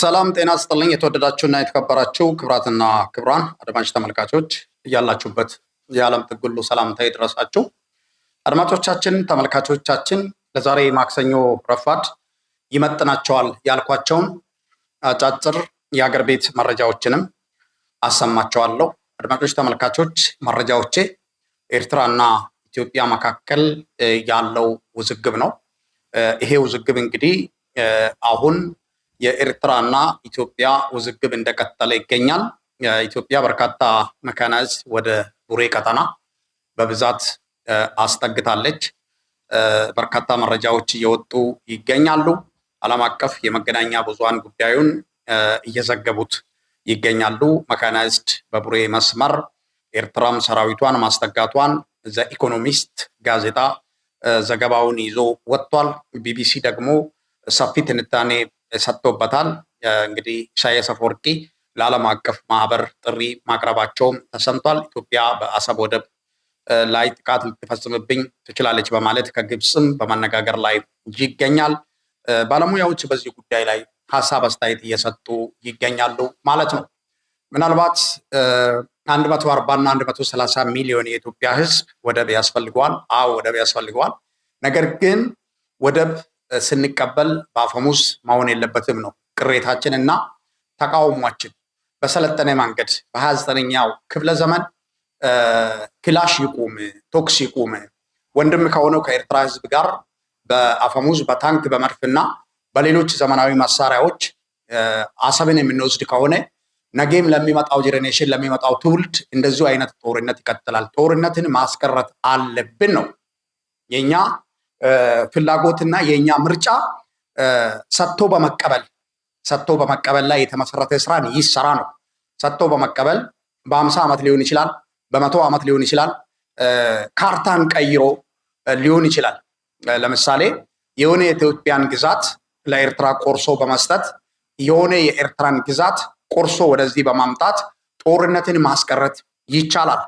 ሰላም ጤና ስጥልኝ። የተወደዳችሁና የተከበራችሁ ክብራትና ክብራን አድማጭ ተመልካቾች እያላችሁበት የዓለም ጥግሉ ሰላምታ ይድረሳችሁ። አድማጮቻችን፣ ተመልካቾቻችን ለዛሬ ማክሰኞ ረፋድ ይመጥናቸዋል ያልኳቸውን አጫጭር የአገር ቤት መረጃዎችንም አሰማቸዋለሁ። አድማጮች፣ ተመልካቾች መረጃዎቼ ኤርትራና ኢትዮጵያ መካከል ያለው ውዝግብ ነው። ይሄ ውዝግብ እንግዲህ አሁን የኤርትራና ኢትዮጵያ ውዝግብ እንደቀጠለ ይገኛል። ኢትዮጵያ በርካታ መካናይዝ ወደ ቡሬ ቀጠና በብዛት አስጠግታለች። በርካታ መረጃዎች እየወጡ ይገኛሉ። ዓለም አቀፍ የመገናኛ ብዙሃን ጉዳዩን እየዘገቡት ይገኛሉ። መካናይዝድ በቡሬ መስመር ኤርትራም ሰራዊቷን ማስጠጋቷን ዘ ኢኮኖሚስት ጋዜጣ ዘገባውን ይዞ ወጥቷል። ቢቢሲ ደግሞ ሰፊ ትንታኔ ሰጥቶበታል። እንግዲህ ኢሳያስ አፈወርቂ ለዓለም አቀፍ ማህበር ጥሪ ማቅረባቸውም ተሰምቷል። ኢትዮጵያ በአሰብ ወደብ ላይ ጥቃት ልትፈጽምብኝ ትችላለች በማለት ከግብፅም በማነጋገር ላይ ይገኛል። ባለሙያዎች በዚህ ጉዳይ ላይ ሀሳብ አስተያየት እየሰጡ ይገኛሉ ማለት ነው። ምናልባት አንድ መቶ አርባ እና አንድ መቶ ሰላሳ ሚሊዮን የኢትዮጵያ ህዝብ ወደብ ያስፈልገዋል። አዎ ወደብ ያስፈልገዋል። ነገር ግን ወደብ ስንቀበል በአፈሙዝ መሆን የለበትም ነው ቅሬታችን እና ተቃውሟችን። በሰለጠነ መንገድ በሀያ ዘጠነኛው ክፍለ ዘመን ክላሽ ይቁም፣ ቶክስ ይቁም። ወንድም ከሆነው ከኤርትራ ህዝብ ጋር በአፈሙዝ በታንክ በመድፍና በሌሎች ዘመናዊ መሳሪያዎች አሰብን የምንወስድ ከሆነ ነገም ለሚመጣው ጄኔሬሽን ለሚመጣው ትውልድ እንደዚሁ አይነት ጦርነት ይቀጥላል። ጦርነትን ማስቀረት አለብን ነው የእኛ ፍላጎትና የእኛ ምርጫ ሰጥቶ በመቀበል ሰጥቶ በመቀበል ላይ የተመሰረተ ስራን ይሰራ ነው። ሰጥቶ በመቀበል በአምሳ ዓመት ሊሆን ይችላል፣ በመቶ ዓመት ሊሆን ይችላል፣ ካርታን ቀይሮ ሊሆን ይችላል። ለምሳሌ የሆነ የኢትዮጵያን ግዛት ለኤርትራ ቆርሶ በመስጠት የሆነ የኤርትራን ግዛት ቆርሶ ወደዚህ በማምጣት ጦርነትን ማስቀረት ይቻላል።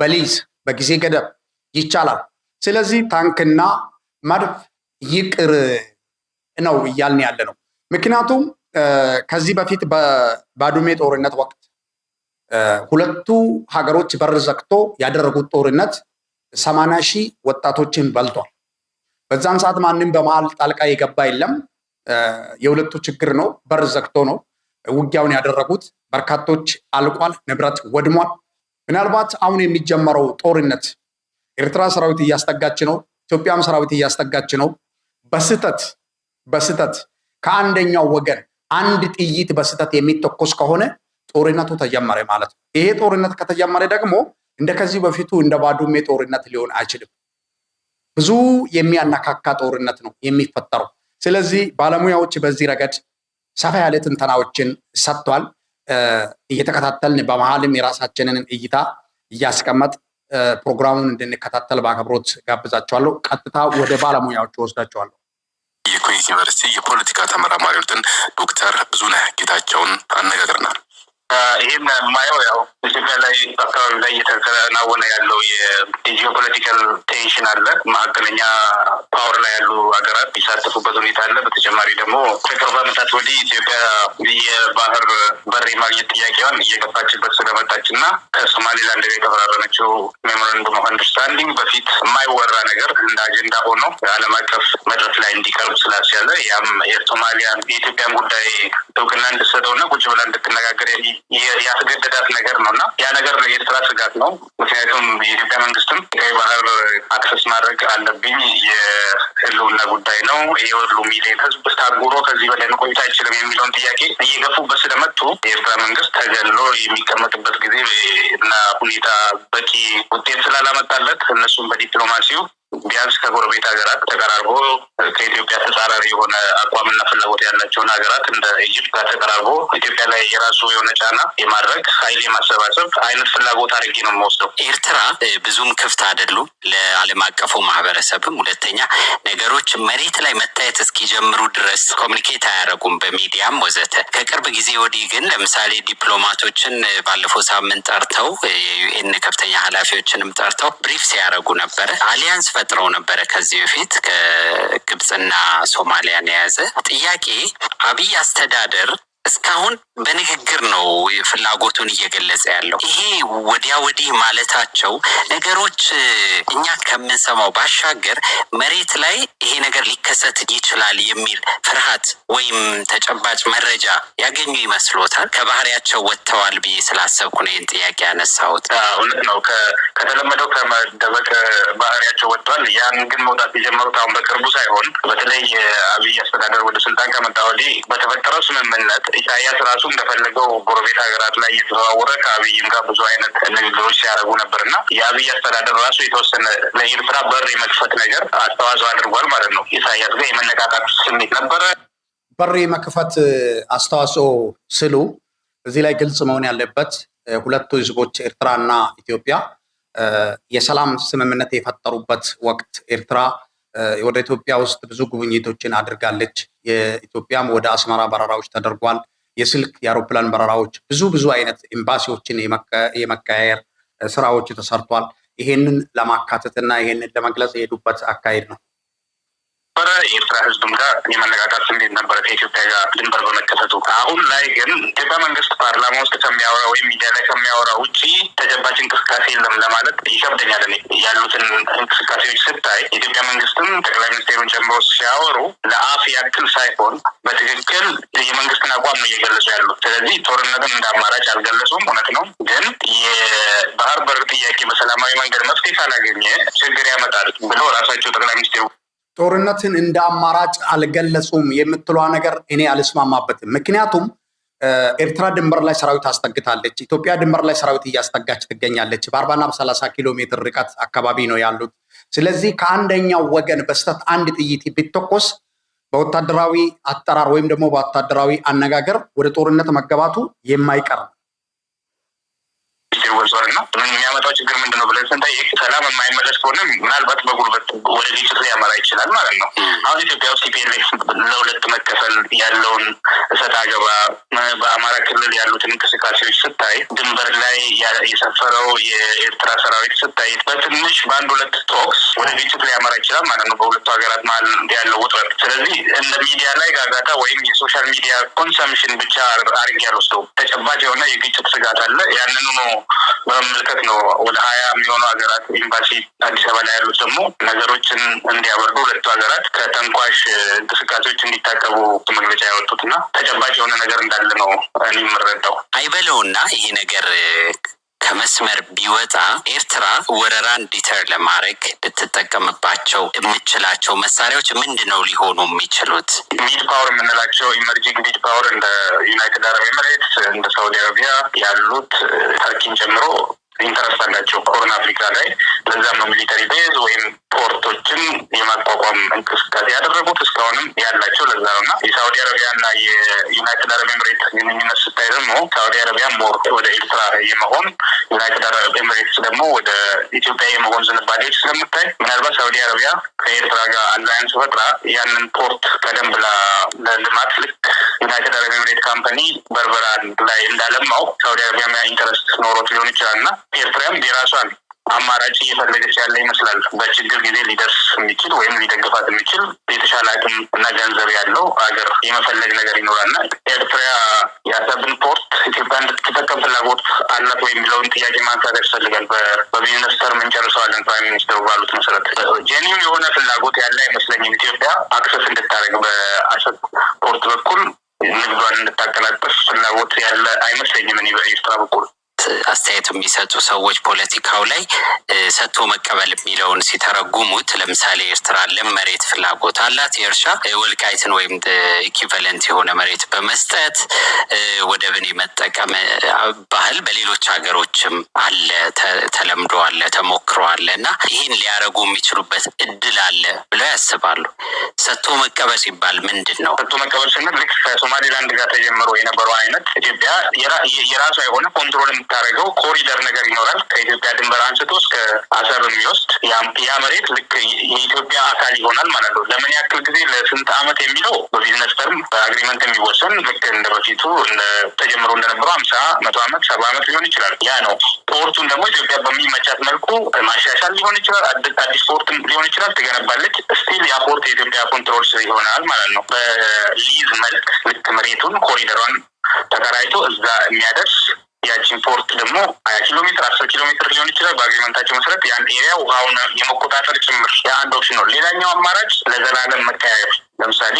በሊዝ በጊዜ ገደብ ይቻላል። ስለዚህ ታንክና መድፍ ይቅር ነው እያልን ያለ ነው። ምክንያቱም ከዚህ በፊት በባድመ ጦርነት ወቅት ሁለቱ ሀገሮች በር ዘግቶ ያደረጉት ጦርነት ሰማንያ ሺህ ወጣቶችን በልቷል። በዛን ሰዓት ማንም በመሀል ጣልቃ የገባ የለም። የሁለቱ ችግር ነው። በር ዘግቶ ነው ውጊያውን ያደረጉት። በርካቶች አልቋል፣ ንብረት ወድሟል። ምናልባት አሁን የሚጀመረው ጦርነት ኤርትራ ሰራዊት እያስጠጋች ነው፣ ኢትዮጵያም ሰራዊት እያስጠጋች ነው። በስህተት በስህተት ከአንደኛው ወገን አንድ ጥይት በስተት የሚተኮስ ከሆነ ጦርነቱ ተጀመረ ማለት ነው። ይሄ ጦርነት ከተጀመረ ደግሞ እንደ ከዚህ በፊቱ እንደ ባዱሜ ጦርነት ሊሆን አይችልም። ብዙ የሚያነካካ ጦርነት ነው የሚፈጠረው። ስለዚህ ባለሙያዎች በዚህ ረገድ ሰፋ ያለ ትንተናዎችን ሰጥቷል። እየተከታተልን በመሀልም የራሳችንን እይታ እያስቀመጥ ፕሮግራሙን እንድንከታተል በአክብሮት ጋብዛቸዋለሁ። ቀጥታ ወደ ባለሙያዎቹ ወስዳቸዋለሁ። የኩዊንስ ዩኒቨርሲቲ የፖለቲካ ተመራማሪዎትን ዶክተር ብዙነህ ጌታቸውን አነጋግረናል። ይህም የማየው ያው ኢትዮጵያ ላይ አካባቢ ላይ እየተከናወነ ያለው የጂኦፖለቲካል ቴንሽን አለ። መካከለኛ ፓወር ላይ ያሉ ሀገራት የሚሳተፉበት ሁኔታ አለ። በተጨማሪ ደግሞ ከቅርብ ዓመታት ወዲህ ኢትዮጵያ የባህር በር የማግኘት ጥያቄዋን እየገፋችበት ስለመጣች እና ከሶማሌላንድ የተፈራረመችው ሜሞራንዱም ኦፍ አንደርስታንዲንግ በፊት የማይወራ ነገር እንደ አጀንዳ ሆኖ ዓለም አቀፍ መድረክ ላይ የሶማሊያም የሶማሊያም የኢትዮጵያን ጉዳይ እውቅና እንድሰጠው ቁጭ ብላ እንድትነጋገር ያስገደዳት ነገር ነው እና ያ ነገር ነው የኤርትራ ስጋት ነው። ምክንያቱም የኢትዮጵያ መንግስትም ቀይ ባህር አክሰስ ማድረግ አለብኝ የህልውና ጉዳይ ነው፣ የወሉ ሚሊዮን ህዝብ ታጉሮ ከዚህ በላይ መቆየት አይችልም የሚለውን ጥያቄ እየገፉበት ስለመጡ የኤርትራ መንግስት ተገሎ የሚቀመጥበት ጊዜ እና ሁኔታ በቂ ውጤት ስላላመጣለት እነሱም በዲፕሎማሲው ቢያንስ ከጎረቤት ሀገራት ተቀራርቦ ከኢትዮጵያ ተጻራሪ የሆነ አቋምና ፍላጎት ያላቸውን ሀገራት እንደ ኢጅፕት ጋር ተቀራርቦ ኢትዮጵያ ላይ የራሱ የሆነ ጫና የማድረግ ኃይል የማሰባሰብ አይነት ፍላጎት አድርጌ ነው የምወስደው። ኤርትራ ብዙም ክፍት አይደሉም ለዓለም አቀፉ ማህበረሰብም። ሁለተኛ ነገሮች መሬት ላይ መታየት እስኪጀምሩ ድረስ ኮሚኒኬት አያደረጉም በሚዲያም ወዘተ። ከቅርብ ጊዜ ወዲህ ግን ለምሳሌ ዲፕሎማቶችን ባለፈው ሳምንት ጠርተው የዩኤን ከፍተኛ ኃላፊዎችንም ጠርተው ብሪፍ ሲያደረጉ ነበረ አሊያንስ ተፈጥረው ነበረ ከዚህ በፊት ከግብፅና ሶማሊያን የያዘ ጥያቄ አብይ አስተዳደር እስካሁን በንግግር ነው ፍላጎቱን እየገለጸ ያለው። ይሄ ወዲያ ወዲህ ማለታቸው ነገሮች እኛ ከምንሰማው ባሻገር መሬት ላይ ይሄ ነገር ሊከሰት ይችላል የሚል ፍርሃት ወይም ተጨባጭ መረጃ ያገኙ ይመስሎታል? ከባህሪያቸው ወጥተዋል ብዬ ስላሰብኩ ነው ይህን ጥያቄ ያነሳሁት። እውነት ነው፣ ከተለመደው ከመደበቅ ባህሪያቸው ወጥተዋል። ያን ግን መውጣት የጀመሩት አሁን በቅርቡ ሳይሆን በተለይ አብይ አስተዳደር ወደ ስልጣን ከመጣ ወዲህ በተፈጠረው ስምምነት ኢሳያስ ራሱ እንደፈለገው ጎረቤት ሀገራት ላይ እየተዘዋወረ ከአብይም ጋር ብዙ አይነት ንግግሮች ሲያደርጉ ነበር እና የአብይ አስተዳደር ራሱ የተወሰነ ለኤርትራ በር የመክፈት ነገር አስተዋጽኦ አድርጓል ማለት ነው። ኢሳያስ ጋር የመነቃቃት ስሜት ነበረ። በር የመክፈት አስተዋጽኦ ስሉ እዚህ ላይ ግልጽ መሆን ያለበት ሁለቱ ህዝቦች ኤርትራና ኢትዮጵያ የሰላም ስምምነት የፈጠሩበት ወቅት ኤርትራ ወደ ኢትዮጵያ ውስጥ ብዙ ጉብኝቶችን አድርጋለች። የኢትዮጵያም ወደ አስመራ በረራዎች ተደርጓል። የስልክ የአውሮፕላን በረራዎች፣ ብዙ ብዙ አይነት ኤምባሲዎችን የመቀያየር ስራዎች ተሰርቷል። ይሄንን ለማካተትና ይሄንን ለመግለጽ የሄዱበት አካሄድ ነው። የኤርትራ ህዝብም ጋር የመነጋጋት ስሜት ነበረ ከኢትዮጵያ ጋር ድንበር በመከሰቱ። አሁን ላይ ግን ኢትዮጵያ መንግስት ፓርላማ ውስጥ ከሚያወራ ወይም ሚዲያ ላይ ከሚያወራ እንቅስቃሴ የለም ለማለት ይከብደኛል። ያሉትን እንቅስቃሴዎች ስታይ የኢትዮጵያ መንግስትም ጠቅላይ ሚኒስቴሩን ጨምሮ ሲያወሩ ለአፍ ያክል ሳይሆን በትክክል የመንግስትን አቋም ነው እየገለጹ ያሉት። ስለዚህ ጦርነትን እንደ አማራጭ አልገለጹም። እውነት ነው፣ ግን የባህር በር ጥያቄ በሰላማዊ መንገድ መፍትሄ ካላገኘ ችግር ያመጣል ብሎ ራሳቸው ጠቅላይ ሚኒስቴሩ ጦርነትን እንደ አማራጭ አልገለጹም የምትሏ ነገር እኔ አልስማማበትም። ምክንያቱም ኤርትራ ድንበር ላይ ሰራዊት አስጠግታለች። ኢትዮጵያ ድንበር ላይ ሰራዊት እያስጠጋች ትገኛለች። በአርባና በሰላሳ ኪሎ ሜትር ርቀት አካባቢ ነው ያሉት። ስለዚህ ከአንደኛው ወገን በስተት አንድ ጥይት ቢተኮስ በወታደራዊ አጠራር ወይም ደግሞ በወታደራዊ አነጋገር ወደ ጦርነት መገባቱ የማይቀር ችግር ወልሷል እና የሚያመጣው ችግር ምንድን ነው ብለን ስንጠይቅ ሰላም የማይመለስ ከሆነ ምናልባት በጉልበት ወደ ግጭት ሊያመራ ይችላል ማለት ነው። አሁን ኢትዮጵያ ውስጥ ኢፒኤልኤክስ ለሁለት መከፈል ያለውን እሰጥ አገባ በአማራ ክልል ያሉትን እንቅስቃሴዎች ስታይ፣ ድንበር ላይ የሰፈረው የኤርትራ ሰራዊት ስታይ፣ በትንሽ በአንድ ሁለት ቶክስ ወደ ግጭት ሊያመራ ይችላል ማለት ነው በሁለቱ ሀገራት መሀል ያለው ውጥረት። ስለዚህ እንደ ሚዲያ ላይ ጋጋታ ወይም የሶሻል ሚዲያ ኮንሰምሽን ብቻ አርግ ያልወስደው ተጨባጭ የሆነ የግጭት ስጋት አለ። ያንኑ ነው በመመልከት ነው ወደ ሀያ የሚሆኑ ሀገራት ኤምባሲ አዲስ አበባ ላይ ያሉት ደግሞ ነገሮችን እንዲያበርዱ ሁለቱ ሀገራት ከተንኳሽ እንቅስቃሴዎች እንዲታቀቡ መግለጫ ያወጡትና ተጨባጭ የሆነ ነገር እንዳለ ነው እኔ የምረዳው። አይበለውና ይሄ ነገር ከመስመር ቢወጣ ኤርትራ ወረራ እንዲተር ለማድረግ ልትጠቀምባቸው የምችላቸው መሳሪያዎች ምንድን ነው ሊሆኑ የሚችሉት? ሚድ ፓወር የምንላቸው ኢመርጂንግ ሚድ ፓወር እንደ ዩናይትድ አረብ ኤምሬትስ፣ እንደ ሳውዲ አረቢያ ያሉት ተርኪን ጨምሮ ኢንተረስት አላቸው ሆርን አፍሪካ ላይ። ለዛም ነው ሚሊተሪ ቤዝ ወይም ፖርቶችን የማቋቋም እንቅስቃሴ ያደረጉት እስካሁንም ያላቸው ለዛ ነው እና የሳውዲ አረቢያ እና የዩናይትድ አረብ ኤምሬት ግንኙነት ስታይ ደግሞ ሳውዲ አረቢያ ሞር ወደ ኤርትራ የመሆን ዩናይትድ አረብ ኤምሬትስ ደግሞ ወደ ኢትዮጵያ የመሆን ዝንባሌዎች ስለምታይ ምናልባት ሳውዲ አረቢያ ከኤርትራ ጋር አላያንስ ፈጥራ ያንን ፖርት ቀደም ብላ ለልማት ልክ ዩናይትድ አረብ ኤምሬት ካምፓኒ በርበራ ላይ እንዳለማው ሳውዲ አረቢያ ኢንተረስት ኖሮት ሊሆን ይችላል እና ኤርትራም የራሷን አማራጭ እየፈለገች ያለ ይመስላል። በችግር ጊዜ ሊደርስ የሚችል ወይም ሊደግፋት የሚችል የተሻለ አቅም እና ገንዘብ ያለው ሀገር የመፈለግ ነገር ይኖራልና ኤርትራ የአሰብን ፖርት ኢትዮጵያ እንድትጠቀም ፍላጎት አላት ወይ የሚለውን ጥያቄ ማንሳት ያስፈልጋል። በቢዝነስ ተርም እንጨርሰዋለን። ፕራይም ሚኒስትሩ ባሉት መሰረት ጄኒም የሆነ ፍላጎት ያለ አይመስለኝም። ኢትዮጵያ አክሰስ እንድታደርግ በአሰብ ፖርት በኩል ንግዷን እንድታቀላጠፍ ፍላጎት ያለ አይመስለኝም እኔ በኤርትራ በኩል አስተያየት የሚሰጡ ሰዎች ፖለቲካው ላይ ሰጥቶ መቀበል የሚለውን ሲተረጉሙት ለምሳሌ ኤርትራ ለም መሬት ፍላጎት አላት የእርሻ ወልቃይትን ወይም ኢኪቨለንት የሆነ መሬት በመስጠት ወደብን የመጠቀም ባህል በሌሎች ሀገሮችም አለ፣ ተለምዶ አለ፣ ተሞክሮ አለ እና ይህን ሊያደረጉ የሚችሉበት እድል አለ ብለው ያስባሉ። ሰጥቶ መቀበል ሲባል ምንድን ነው? ሰጥቶ መቀበል ስንል ልክ ከሶማሌላንድ ጋር ተጀምሮ የነበረው አይነት ኢትዮጵያ የራሷ የሆነ ኮንትሮል የምታደርገው ኮሪደር ነገር ይኖራል ከኢትዮጵያ ድንበር አንስቶ እስከ አሰብ የሚወስድ ያ መሬት ልክ የኢትዮጵያ አካል ይሆናል ማለት ነው። ለምን ያክል ጊዜ ለስንት አመት የሚለው በቢዝነስ ተርም በአግሪመንት የሚወሰን ልክ እንደ በፊቱ ተጀምሮ እንደነበረው አምሳ መቶ አመት ሰባ አመት ሊሆን ይችላል። ያ ነው። ፖርቱን ደግሞ ኢትዮጵያ በሚመቻት መልኩ ማሻሻል ሊሆን ይችላል። አዲስ ፖርት ሊሆን ይችላል ትገነባለች። ስቲል ያ ፖርት የኢትዮጵያ ኮንትሮል ስር ይሆናል ማለት ነው። በሊዝ መልክ ልክ መሬቱን ኮሪደሯን ተከራይቶ እዛ የሚያደርስ ያችን ፖርት ደግሞ ሀያ ኪሎ ሜትር አስር ኪሎ ሜትር ሊሆን ይችላል። በአግሪመንታቸው መሰረት የአንድ ኤሪያ ውሃውን የመቆጣጠር ጭምር የአንድ ኦፕሽን ነው። ሌላኛው አማራጭ ለዘላለም መቀያየር ለምሳሌ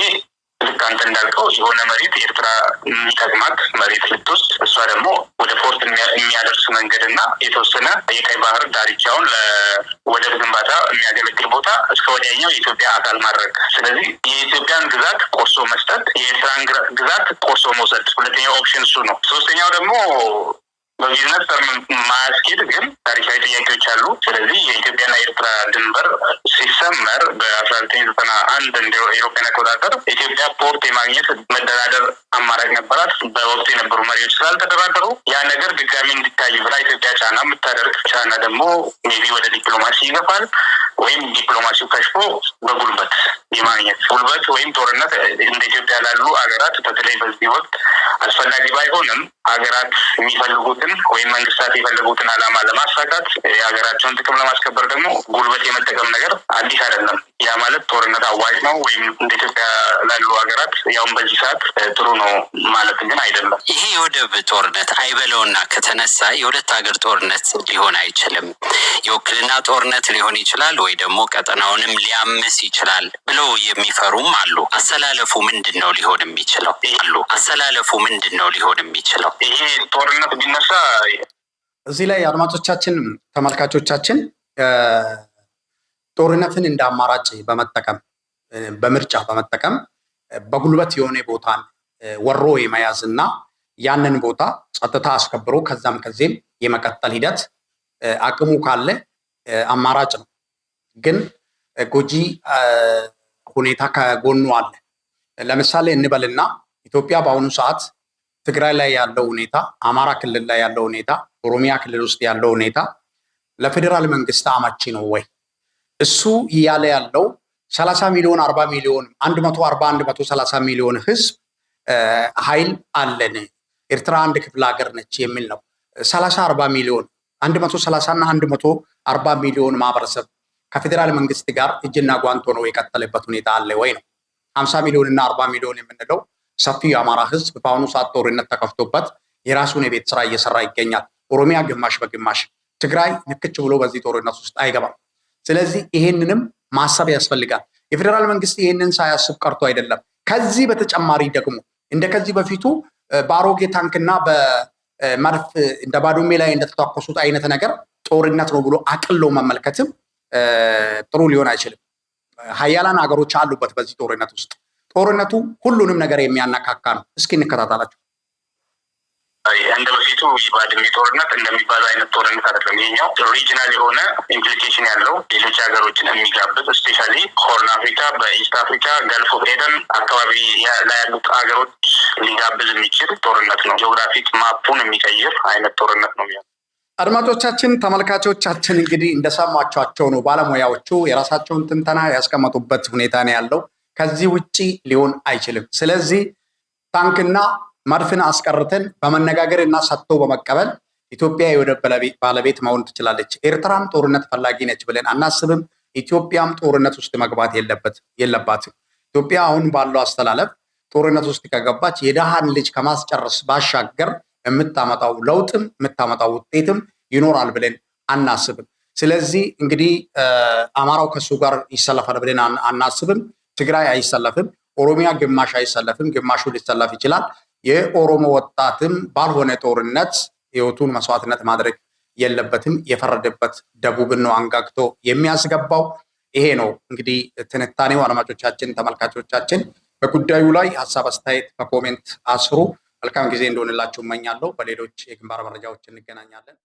ልክ አንተ እንዳልከው የሆነ መሬት ኤርትራ የሚጠቅማት መሬት ልትወስድ እሷ ደግሞ ወደ ፖርት የሚያደርስ መንገድ እና የተወሰነ የቀይ ባህር ዳርቻውን ለወደብ ግንባታ የሚያገለግል ቦታ እስከ ወዲያኛው የኢትዮጵያ አካል ማድረግ። ስለዚህ የኢትዮጵያን ግዛት ቆርሶ መስጠት፣ የኤርትራን ግዛት ቆርሶ መውሰድ። ሁለተኛው ኦፕሽን እሱ ነው። ሶስተኛው ደግሞ በቢዝነስ ማስኬድ ግን ታሪካዊ ጥያቄዎች አሉ። ስለዚህ የኢትዮጵያና የኤርትራ ድንበር ሲሰመር በአስራ ዘጠኝ ዘጠና አንድ እንደ ኤሮፓን አቆጣጠር ኢትዮጵያ ፖርት የማግኘት መደራደር አማራጭ ነበራት። በወቅቱ የነበሩ መሪዎች ስላልተደራደሩ ያ ነገር ድጋሚ እንዲታይ ብላ ኢትዮጵያ ጫና የምታደርግ ጫና ደግሞ ሜቢ ወደ ዲፕሎማሲ ይገፋል። ወይም ዲፕሎማሲው ከሽፎ በጉልበት የማግኘት ጉልበት ወይም ጦርነት እንደ ኢትዮጵያ ላሉ ሀገራት በተለይ በዚህ ወቅት አስፈላጊ ባይሆንም ሀገራት የሚፈልጉትን ወይም መንግስታት የፈለጉትን ዓላማ ለማሳካት የሀገራቸውን ጥቅም ለማስከበር ደግሞ ጉልበት የመጠቀም ነገር አዲስ አይደለም። ያ ማለት ጦርነት አዋጅ ነው ወይም እንደ ኢትዮጵያ ላሉ ሀገራት ያውም በዚህ ሰዓት ጥሩ ነው ማለት ግን አይደለም። ይሄ የወደብ ጦርነት አይበለውና ከተነሳ የሁለት ሀገር ጦርነት ሊሆን አይችልም። የውክልና ጦርነት ሊሆን ይችላል ወይ ደግሞ ቀጠናውንም ሊያምስ ይችላል ብለው የሚፈሩም አሉ። አሰላለፉ ምንድን ነው ሊሆን የሚችለው አሉ። አሰላለፉ ምንድን ነው ሊሆን የሚችለው ይሄ ጦርነት ቢነሳ እዚህ ላይ አድማጮቻችን፣ ተመልካቾቻችን ጦርነትን እንደ አማራጭ በመጠቀም በምርጫ በመጠቀም በጉልበት የሆነ ቦታን ወሮ የመያዝ እና ያንን ቦታ ጸጥታ አስከብሮ ከዛም ከዚህም የመቀጠል ሂደት አቅሙ ካለ አማራጭ ነው። ግን ጎጂ ሁኔታ ከጎኑ አለ። ለምሳሌ እንበልና ኢትዮጵያ በአሁኑ ሰዓት ትግራይ ላይ ያለው ሁኔታ፣ አማራ ክልል ላይ ያለው ሁኔታ፣ ኦሮሚያ ክልል ውስጥ ያለው ሁኔታ ለፌዴራል መንግስት አመቺ ነው ወይ? እሱ እያለ ያለው 30 ሚሊዮን 40 ሚሊዮን 140 130 ሚሊዮን ህዝብ ኃይል አለን ኤርትራ አንድ ክፍለ ሀገር ነች የሚል ነው። 30 40 ሚሊዮን 130 እና 140 ሚሊዮን ማህበረሰብ ከፌዴራል መንግስት ጋር እጅና ጓንቶ ነው የቀጠለበት ሁኔታ አለ ወይ ነው። 50 ሚሊዮን እና 40 ሚሊዮን የምንለው ሰፊው የአማራ ህዝብ በአሁኑ ሰዓት ጦርነት ተከፍቶበት የራሱን የቤት ስራ እየሰራ ይገኛል። ኦሮሚያ ግማሽ በግማሽ ትግራይ ንክች ብሎ በዚህ ጦርነት ውስጥ አይገባም። ስለዚህ ይሄንንም ማሰብ ያስፈልጋል። የፌዴራል መንግስት ይሄንን ሳያስብ ቀርቶ አይደለም። ከዚህ በተጨማሪ ደግሞ እንደ ከዚህ በፊቱ በአሮጌ ታንክና በመድፍ እንደ ባዶሜ ላይ እንደተተኮሱት አይነት ነገር ጦርነት ነው ብሎ አቅሎ መመልከትም ጥሩ ሊሆን አይችልም። ሀያላን ሀገሮች አሉበት በዚህ ጦርነት ውስጥ። ጦርነቱ ሁሉንም ነገር የሚያነካካ ነው። እስኪ እንከታተላቸው። እንደ በፊቱ የባድሜ ጦርነት እንደሚባለው አይነት ጦርነት አይደለም። ይሄኛው ሪጅናል የሆነ ኢምፕሊኬሽን ያለው ሌሎች ሀገሮችን የሚጋብዝ ስፔሻሊ ሆርን አፍሪካ፣ በኢስት አፍሪካ ገልፍ ኦፍ ኤደን አካባቢ ላይ ያሉት ሀገሮች ሊጋብዝ የሚችል ጦርነት ነው። ጂኦግራፊክ ማፑን የሚቀይር አይነት ጦርነት ነው አድማጮቻችን፣ ተመልካቾቻችን እንግዲህ እንደሰማችኋቸው ነው። ባለሙያዎቹ የራሳቸውን ትንተና ያስቀመጡበት ሁኔታ ነው ያለው። ከዚህ ውጭ ሊሆን አይችልም። ስለዚህ ታንክና መድፍን አስቀርተን በመነጋገር እና ሰጥቶ በመቀበል ኢትዮጵያ የወደብ ባለቤት መሆን ትችላለች። ኤርትራም ጦርነት ፈላጊ ነች ብለን አናስብም። ኢትዮጵያም ጦርነት ውስጥ መግባት የለባትም። ኢትዮጵያ አሁን ባለው አስተላለፍ ጦርነት ውስጥ ከገባች የደሃን ልጅ ከማስጨረስ ባሻገር የምታመጣው ለውጥም የምታመጣው ውጤትም ይኖራል ብለን አናስብም። ስለዚህ እንግዲህ አማራው ከሱ ጋር ይሰለፋል ብለን አናስብም። ትግራይ አይሰለፍም። ኦሮሚያ ግማሽ አይሰለፍም፣ ግማሹ ሊሰለፍ ይችላል። የኦሮሞ ወጣትም ባልሆነ ጦርነት ህይወቱን መስዋዕትነት ማድረግ የለበትም። የፈረደበት ደቡብን ነው አንጋግቶ የሚያስገባው። ይሄ ነው እንግዲህ ትንታኔው። አድማጮቻችን፣ ተመልካቾቻችን በጉዳዩ ላይ ሀሳብ አስተያየት በኮሜንት አስሩ። መልካም ጊዜ እንደሆንላችሁ እመኛለሁ። በሌሎች የግንባር መረጃዎች እንገናኛለን።